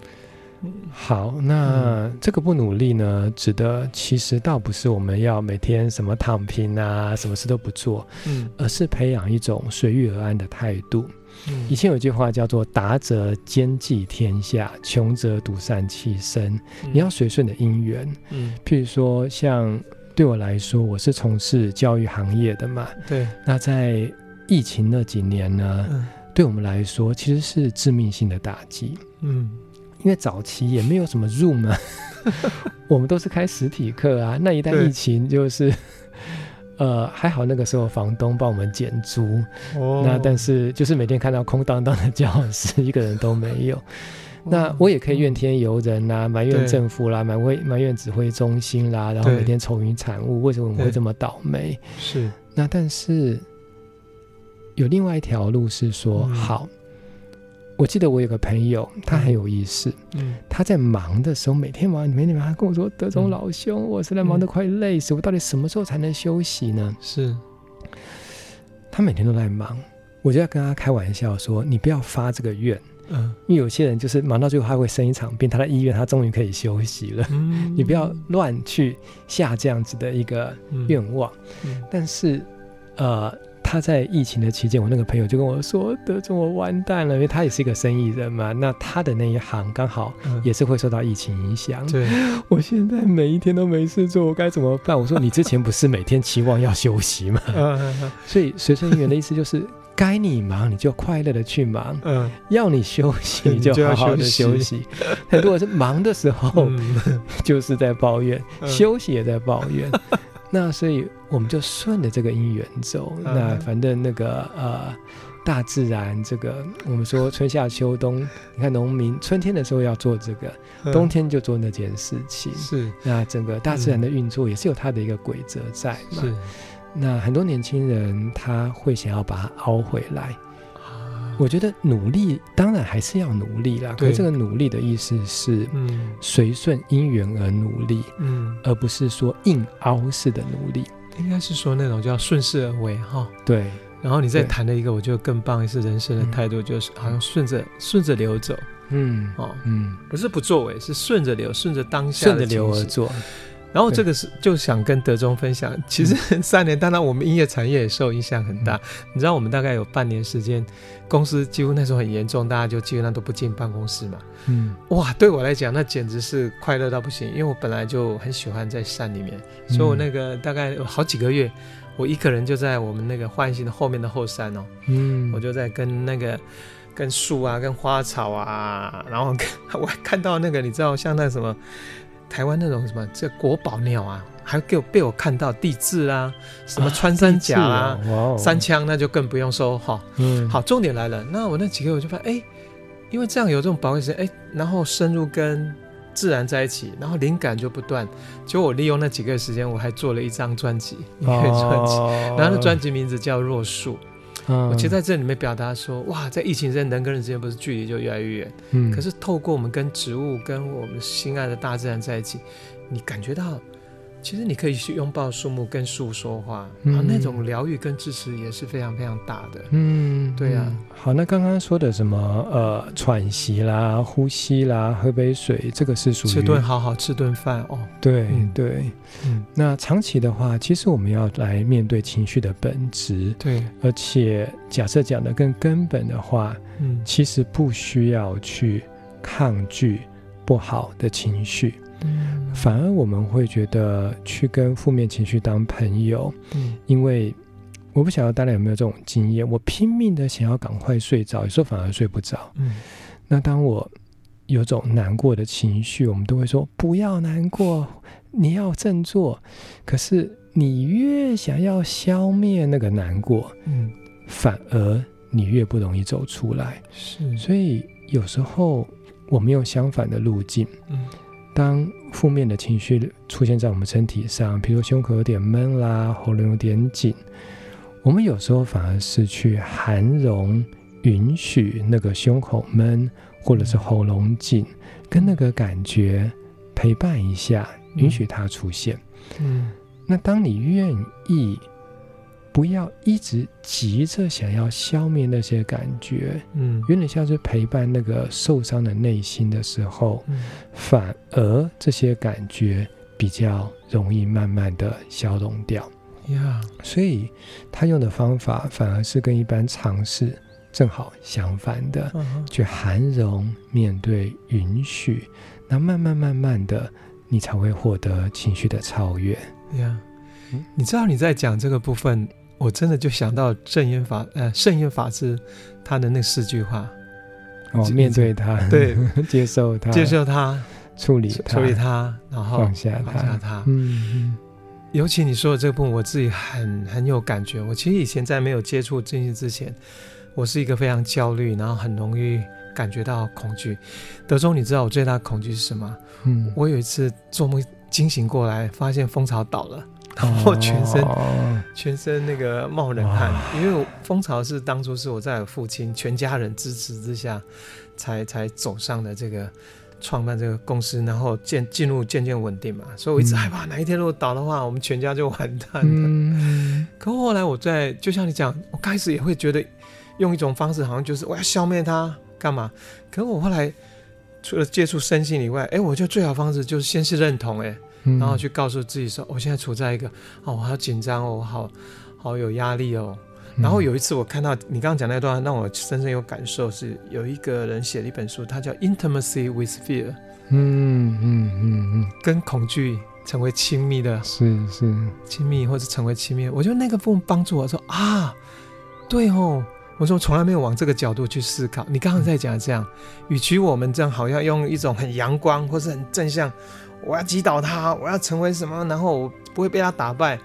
好，那這個不努力呢、嗯，指的其實倒不是我們要每天什麼躺平啊，什麼事都不做，嗯，而是培養一種隨遇而安的態度。嗯，以前有句話叫做“達則兼濟天下，窮則獨善其身，嗯”，你要隨順的因緣。嗯，譬如說，像對我來說，我是從事教育行業的嘛，對。那在疫情那幾年呢，嗯，對我們來說其實是致命性的打擊。嗯。因為早期也沒有什麼 Zoom、啊、 我們都是開實體課啊。那一旦疫情，就是，呃，還好那個時候房東幫我們減租。哦。那但是就是每天看到空蕩蕩的教室，一個人都沒有。哦、那我也可以怨天尤人啊、哦，埋怨政府啦、啊，埋怨埋怨指揮中心啦、啊，然後每天愁雲慘霧，為什麼我們會這麼倒霉？是。那但是有另外一條路是說、嗯、好。我記得我有個朋友，他很有意思。嗯，他在忙的時候，每天忙，每天忙，他跟我說：“嗯、德中老兄，我實在忙得快累死、嗯，我到底什麼時候才能休息呢？”是。他每天都在忙，我就要跟他開玩笑說：“你不要發這個願，嗯，因為有些人就是忙到最後他會生一場病，他在醫院，他終於可以休息了。嗯、 你不要亂去下這樣子的一個願望、嗯嗯，但是，呃。”他在疫情的期間，我那個朋友就跟我說：“德中，我完蛋了，因為他也是一個生意人嘛。那他的那一行剛好也是會受到疫情影響、嗯。對，我現在每一天都沒事做，我該怎麼辦？”我說：“你之前不是每天期望要休息嗎？嗯嗯嗯嗯、所以隨順因緣的意思就是，該你忙你就快樂的去忙、嗯，要你休息你就好好的休息。很多人是忙的時候，嗯、就是在抱怨、嗯；休息也在抱怨。嗯”那所以我們就順着這個因緣走，那反正那個呃，大自然這個我們說春夏秋冬，你看農民春天的時候要做這個，冬天就做那件事情，嗯、是，那整個大自然的運作也是有它的一個規則在嘛，嗯、是，那很多年輕人他會想要把它凹回來。我覺得努力當然還是要努力啦，對，可是這個努力的意思是，嗯，隨順因緣而努力，嗯，而不是說硬凹式的努力。應該是說那種叫順勢而為哈、哦。對。然後你再談了一個，我覺得更棒，是人生的態度，就是好像順着順着流走，嗯，哦，嗯，不是不作為，是順着流，順着當下順着流而做。然後這個是就想跟德中分享，其實三年，當然我們音樂產業也受影響很大，嗯。你知道，我們大概有半年時間。公司幾乎那時候很嚴重，大家就基本上都不進辦公室嘛。嗯，哇，對我來講那簡直是快樂到不行，因為我本來就很喜歡在山裡面，嗯，所以我那個大概有好幾個月，我一個人就在我們那個喚的後面的後山哦。嗯，我就在跟那個跟樹啊，跟花草啊，然後我看到那個你知道像那什麼台灣那種什麼這國寶鳥啊。還給我被我看到地質啊，什麼穿山甲啊，啊啊山羌那就更不用說哈、哦。嗯，好，重點來了。那我那幾個我就發現，哎、欸，因為這樣有這種寶貴時間，哎、欸，然後深入跟自然在一起，然後靈感就不斷。結果我利用那幾個時間，我還做了一張專輯，音樂專輯。然後那專輯名字叫弱樹《若樹》。我其實在這裡面表達說，哇，在疫情之間，人跟人之間不是距離就越來越遠，嗯。可是透過我們跟植物、跟我們心愛的大自然在一起，你感覺到。其實你可以去擁抱樹木，跟樹說話，嗯、然後那種療癒跟支持也是非常非常大的。嗯，對啊。嗯、好，那剛剛說的什麼呃，喘息啦、呼吸啦，喝杯水，這個是屬於吃頓好好吃頓飯哦。對、嗯、對，嗯。那長期的話，其實我們要來面對情緒的本質。對，而且假設講的更根本的話，嗯，其實不需要去抗拒不好的情緒。反而我們會覺得去跟負面情緒當朋友，嗯，因為我不曉得大家有沒有這種經驗，我拼命的想要趕快睡着，有時候反而睡不着，嗯，那當我有種難過的情緒，我們都會說不要難過， 你要振作，可是你越想要消滅那個難過，嗯，反而你越不容易走出來，是，所以有時候我們有相反的路徑，嗯當負面的情緒出現在我們身體上，比如胸口有點悶啦，喉嚨有點緊，我們有時候反而是去含容、允許那個胸口悶或者是喉嚨緊，跟那個感覺陪伴一下，允許它出現。嗯，那當你願意，不要一直急着想要消滅那些感覺，嗯，有點像是陪伴那個受傷的內心的時候、嗯，反而這些感覺比較容易慢慢的消融掉，呀、yeah.，所以他用的方法反而是跟一般嘗試正好相反的，uh -huh. 去涵容面對允許，那慢慢慢慢的，你才會獲得情緒的超越，呀、yeah. 嗯，你知道你在講這個部分。我真的就想到聖嚴法，呃，聖嚴法師他的那四句話，我、哦、面對他，對，接受他，接受他，處理他，處理他，他然後放下他，放下他。嗯。尤其你說的這部分，我自己很很有感覺。我其實以前在沒有接觸這些之前，我是一個非常焦慮，然後很容易感覺到恐懼。德中你知道我最大的恐懼是什麼？嗯。我有一次做夢驚醒過來，發現風潮倒了。然後全身、哦，全身那個冒冷汗，哦，因為風潮是當初是我在我父親、全家人支持之下，才才走上的這個創辦這個公司，然後漸進入漸漸穩定嘛。所以我一直害怕哪一天如果倒的話，嗯，我們全家就完蛋了。了，嗯。可後來我在，就像你講，我開始也會覺得用一種方式，好像就是我要消滅它，幹嘛？可我後來除了接觸身心以外，哎，我覺得最好的方式就是先是認同誒，哎。嗯、然後去告訴自己說：“我、哦、現在處在一個哦，我好緊張哦，我好好有壓力哦。嗯”然後有一次我看到你剛剛講的那段，讓我深深有感受是，是有一個人寫了一本書，他叫《Intimacy with Fear》。嗯嗯嗯嗯，跟恐懼成為親密的，是是親密，或者成為親密，我覺得那個部分幫助我說啊，對哦，我說我從來沒有往這個角度去思考。你剛剛在講的這樣、嗯，與其我們這樣好像用一種很陽光或是很正向。我要擊倒他，我要成為什麼，然後我不會被他打敗。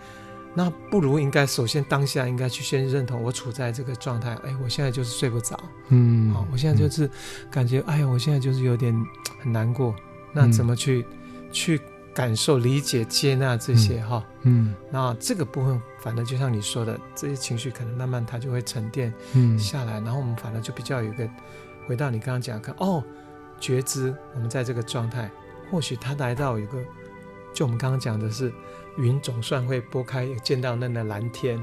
那不如應該首先當下應該去先認同我處在這個狀態。哎，我現在就是睡不着。嗯，好、哦，我現在就是感覺，嗯、哎呀，我現在就是有點很難過。那怎麼去、嗯、去感受、理解、接納這些哈、哦嗯？嗯，那這個部分，反正就像你說的，這些情緒可能慢慢它就會沉澱下來。嗯、然後我們反而就比較有一個回到你剛剛講的，看哦，覺知，我們在這個狀態。或許他來到一個，就我們剛剛講的是，雲總算會撥開，見到那那藍天。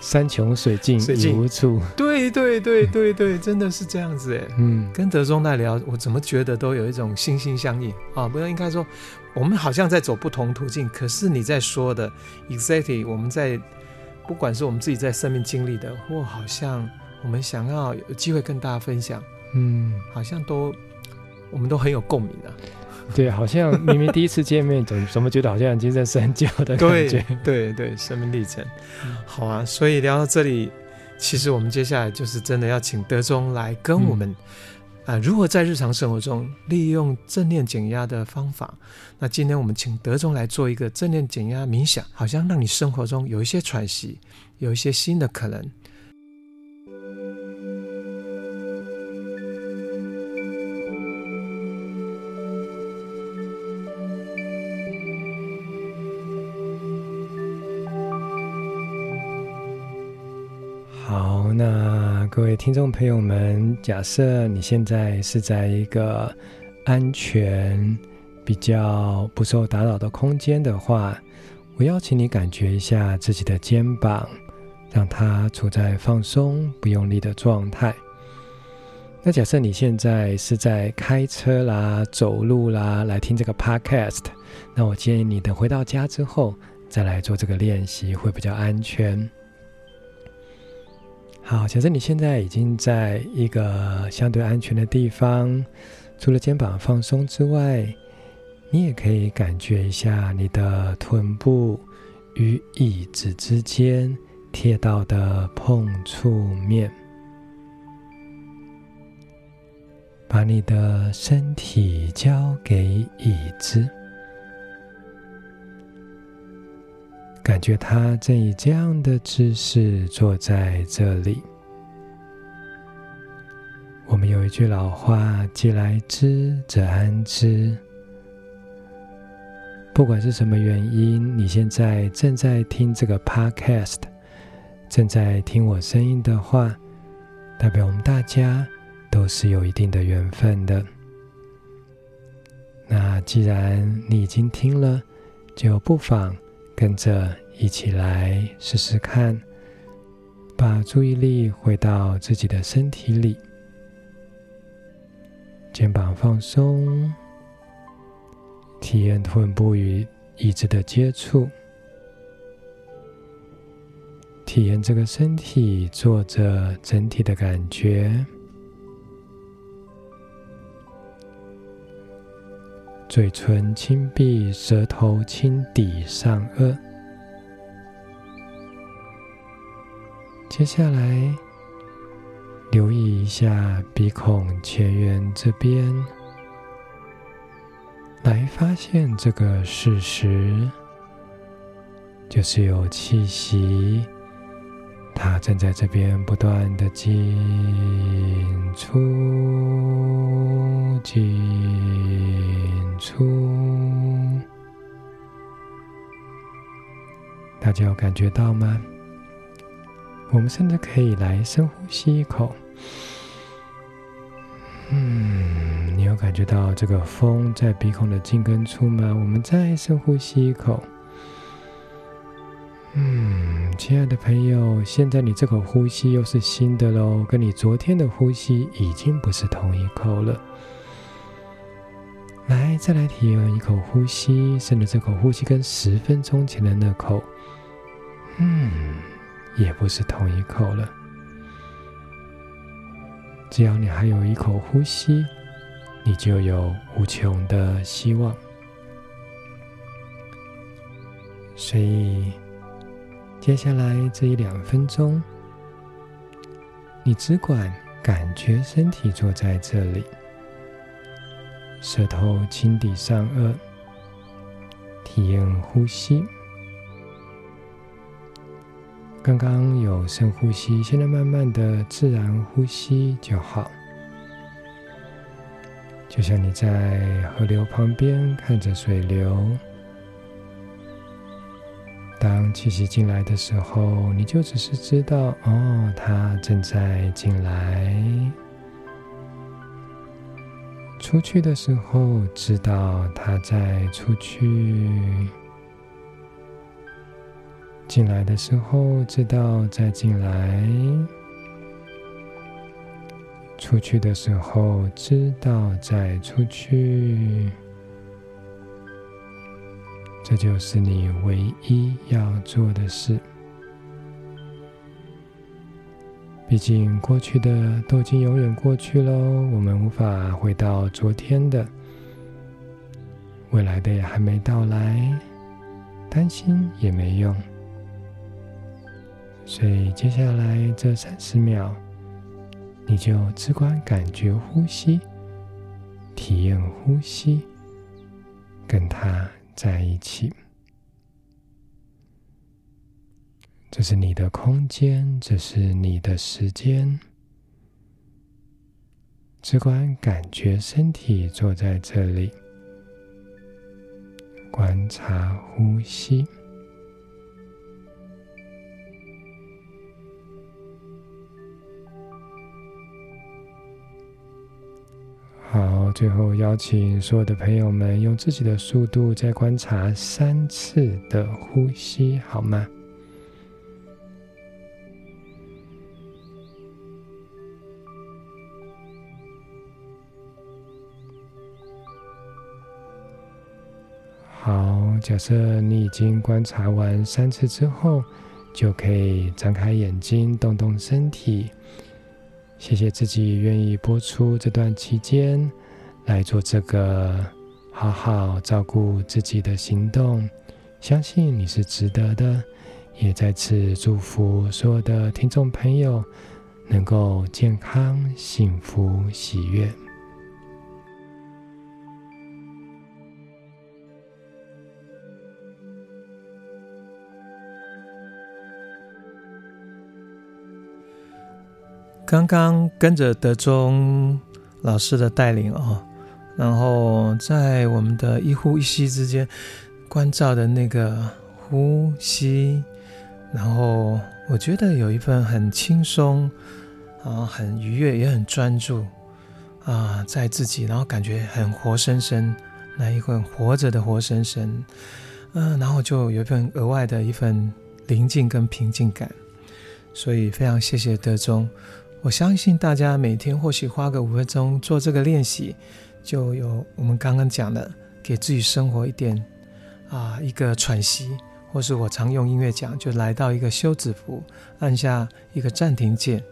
山窮水盡， 水盡無處。對對對對對，嗯、真的是這樣子哎。嗯，跟德中在聊，我怎麼覺得都有一種心心相印啊！不要應該說，我們好像在走不同途徑，可是你在說的，Exactly，我們在不管是我們自己在生命經歷的，或好像我們想要有機會跟大家分享，嗯，好像都我們都很有共鳴啊。對，好像明明第一次見面，怎怎麼覺得好像已經認識很久的感覺？對對對，生命歷程。好啊，所以聊到這裡，其實我們接下來就是真的要請德中來跟我們，啊、嗯呃，如何在日常生活中利用正念減壓的方法？那今天我們請德中來做一個正念減壓冥想，好像讓你生活中有一些喘息，有一些新的可能。各位聽眾朋友們，假設你現在是在一個安全、比較不受打擾的空間的話，我邀請你感覺一下自己的肩膀，讓它處在放鬆、不用力的狀態。那假設你現在是在開車啦、走路啦，來聽這個 Podcast，那我建議你等回到家之後，再來做這個練習會比較安全。好，假設你現在已經在一個相對安全的地方，除了肩膀放鬆之外，你也可以感覺一下你的臀部與椅子之間貼到的碰觸面，把你的身體交給椅子。感覺他正以這樣的姿勢坐在這裡。我們有一句老話，既來之，則安之。不管是什麼原因，你現在正在聽這個 Podcast，正在聽我聲音的話，代表我們大家都是有一定的緣分的。那既然你已經聽了，就不妨。跟着一起來試試看，把注意力回到自己的身體裡，肩膀放鬆，體驗臀部與椅子的接觸，體驗這個身體坐着整體的感覺。嘴唇輕閉，舌頭輕抵上顎。接下來，留意一下鼻孔前緣這邊，來發現這個事實，就是有氣息。它正在這邊不斷的進出進出，大家有感覺到嗎？我們甚至可以來深呼吸一口。嗯，你有感覺到這個風在鼻孔的進跟出嗎？我們再深呼吸一口。嗯，親愛的朋友，現在你這口呼吸又是新的嘍，跟你昨天的呼吸已經不是同一口了。來，再來體驗一口呼吸，甚至這口呼吸跟十分鐘前的那口，嗯，也不是同一口了。只要你還有一口呼吸，你就有無窮的希望，所以。接下來這一兩分鐘，你只管感覺身體坐在這裡，舌頭輕抵上顎，體驗呼吸。剛剛有深呼吸，現在慢慢的自然呼吸就好，就像你在河流旁邊看着水流。當氣息進來的時候，你就只是知道哦，它正在進來；出去的時候，知道它在出去；進來的時候，知道在進來；出去的時候，知道在出去。這就是你唯一要做的事。畢竟過去的都已經永遠過去嘍，我們無法回到昨天的，未來的也還沒到來，擔心也沒用。所以接下來這三十秒，你就只管感覺呼吸，體驗呼吸，跟它。在一起，這是你的空間，這是你的時間。只管感覺身體坐在這裡，觀察呼吸。好，最後邀請所有的朋友們用自己的速度再觀察三次的呼吸，好嗎？好，假設你已經觀察完三次之後，就可以張開眼睛，動動身體。謝謝自己願意撥出這段期間來做這個好好照顧自己的行動，相信你是值得的，也再次祝福所有的聽眾朋友能夠健康、幸福、喜悅。剛剛跟着德中老師的帶領啊、哦，然後在我們的一呼一吸之間關照的那個呼吸，然後我覺得有一份很輕鬆啊，很愉悅，也很專注啊，在自己，然後感覺很活生生，那一份活着的活生生，嗯、啊，然後就有一份額外的一份寧靜跟平靜感，所以非常謝謝德中。我相信大家每天或許花個五分鐘做這個練習，就有我們剛剛講的，給自己生活一點啊一個喘息，或是我常用音樂講，就來到一個休止符，按下一個暫停鍵，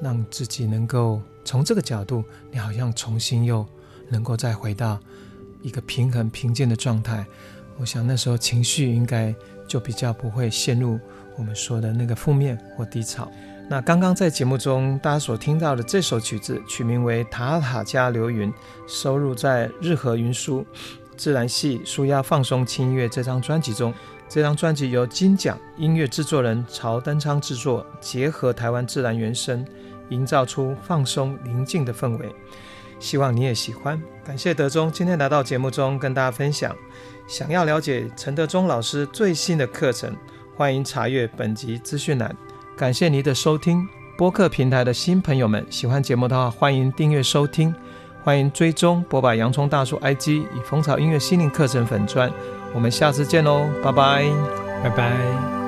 讓自己能夠從這個角度，你好像重新又能夠再回到一個平衡平靜的狀態。我想那時候情緒應該就比較不會陷入我們說的那個負面或低潮。那剛剛在節目中大家所聽到的這首曲子，取名為《塔塔加流雲》，收錄在《日和雲舒自然系紓壓放鬆輕音樂》這張專輯中。這張專輯由金獎音樂製作人曹登昌製作，結合台灣自然原聲，營造出放鬆寧靜的氛圍。希望你也喜歡。感謝德中今天來到節目中跟大家分享。想要了解陳德中老師最新的課程，歡迎查閱本集資訊欄。感謝您的收聽，播客平台的新朋友們，喜歡節目的話，歡迎訂閱收聽，歡迎追蹤剝吧洋蔥大叔 IG 與風潮音樂心靈課程粉專。我們下次見嘍，拜拜，拜拜。